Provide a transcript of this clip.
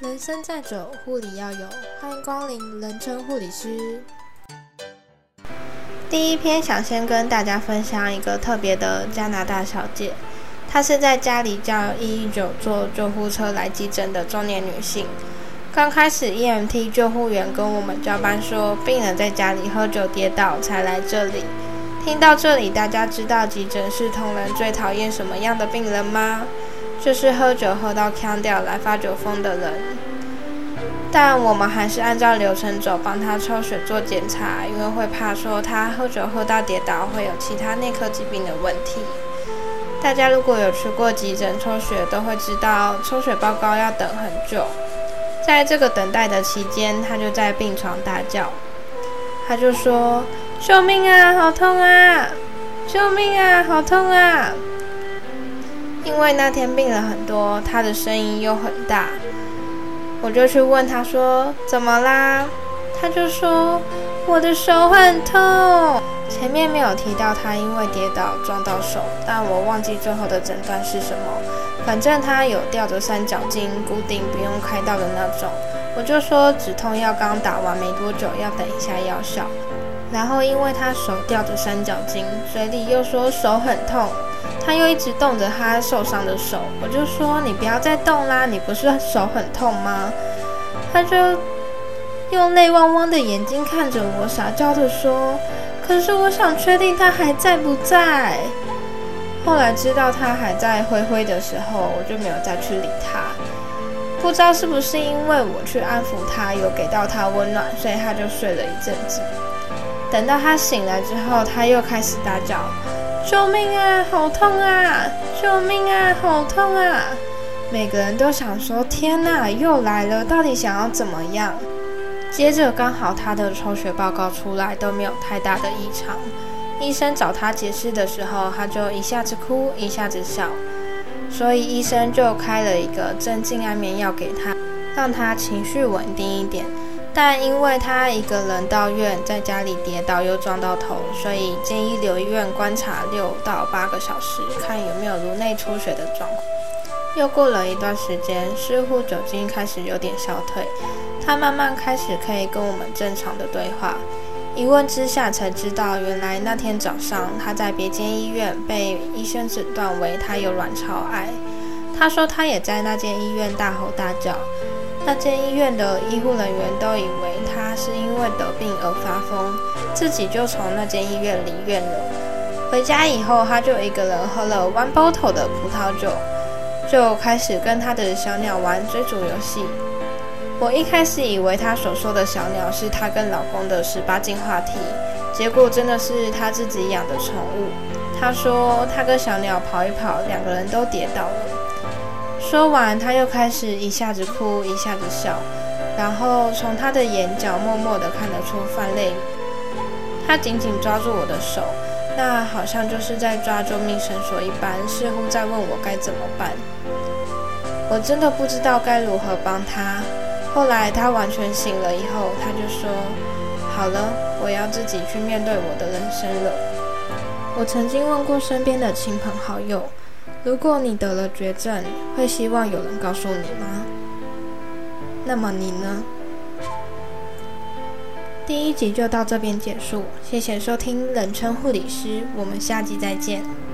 人生在走，護理要有。歡迎光臨人稱護理師。第一篇想先跟大家分享一個特別的加拿大小姐，她是在家裡叫119坐救護車來急診的中年女性。剛開始 EMT 救護員跟我們交班說，病人在家裡喝酒跌倒才來這裡。聽到這裡，大家知道急診室同仁最討厭什麼樣的病人嗎？就是喝酒喝到鏘掉來發酒瘋的人，但我們還是按照流程走，幫他抽血做檢查，因為會怕說他喝酒喝到跌倒會有其他內科疾病的問題。大家如果有去過急診抽血，都會知道抽血報告要等很久。在這個等待的期間，他就在病床大叫，他就說：“救命啊，好痛啊！救命啊，好痛啊！”因為那天病了很多，他的聲音又很大，我就去問他說，怎麼啦？他就說我的手很痛。前面沒有提到他因為跌倒撞到手，但我忘記最後的診斷是什麼。反正他有吊着三角巾固定，不用開刀的那種。我就說止痛藥剛打完沒多久，要等一下藥效。然後因為他手吊着三角巾，嘴裡又說手很痛。他又一直動着他受傷的手，我就說你不要再動啦，你不是手很痛嗎？他就用淚汪汪的眼睛看着我，撒嬌地說：“可是我想確定他還在不在。”後來知道他還在灰灰的時候，我就沒有再去理他。不知道是不是因為我去安撫他，有給到他溫暖，所以他就睡了一陣子。等到他醒來之後，他又開始大叫。救命啊！好痛啊！救命啊！好痛啊！每個人都想說：“天哪，又來了，到底想要怎麼樣？”接着剛好他的抽血報告出來都沒有太大的異常。醫生找他解釋的時候，他就一下子哭，一下子笑，所以醫生就開了一個鎮靜安眠藥給他，讓他情緒穩定一點。但因為他一個人到院，在家裡跌倒又撞到頭，所以建議留醫院觀察六到八個小時，看有沒有顱內出血的狀況。又過了一段時間，似乎酒精開始有點消退，他慢慢開始可以跟我們正常的對話。一問之下才知道，原來那天早上他在別間醫院被醫生診斷為他有卵巢癌。他說他也在那間醫院大吼大叫。那間醫院的醫護人員都以為他是因為得病而發瘋，自己就從那間醫院離院了。回家以後，他就一個人喝了 one bottle 的葡萄酒，就開始跟他的小鳥玩追逐遊戲。我一開始以為他所說的小鳥是他跟老公的十八禁話題，結果真的是他自己養的寵物。他說，他跟小鳥跑一跑，兩個人都跌倒了。說完，他又開始一下子哭，一下子笑，然後從他的眼角默默的看得出泛淚。他緊緊抓住我的手，那好像就是在抓住命繩索一般，似乎在問我該怎麼辦。我真的不知道該如何幫他。後來他完全醒了以後，他就說：“好了，我要自己去面對我的人生了。”我曾經問過身邊的親朋好友。如果你得了絕症，會希望有人告訴你嗎？那麼你呢？第一集就到這邊結束，謝謝收聽冷稱護理師，我們下集再見。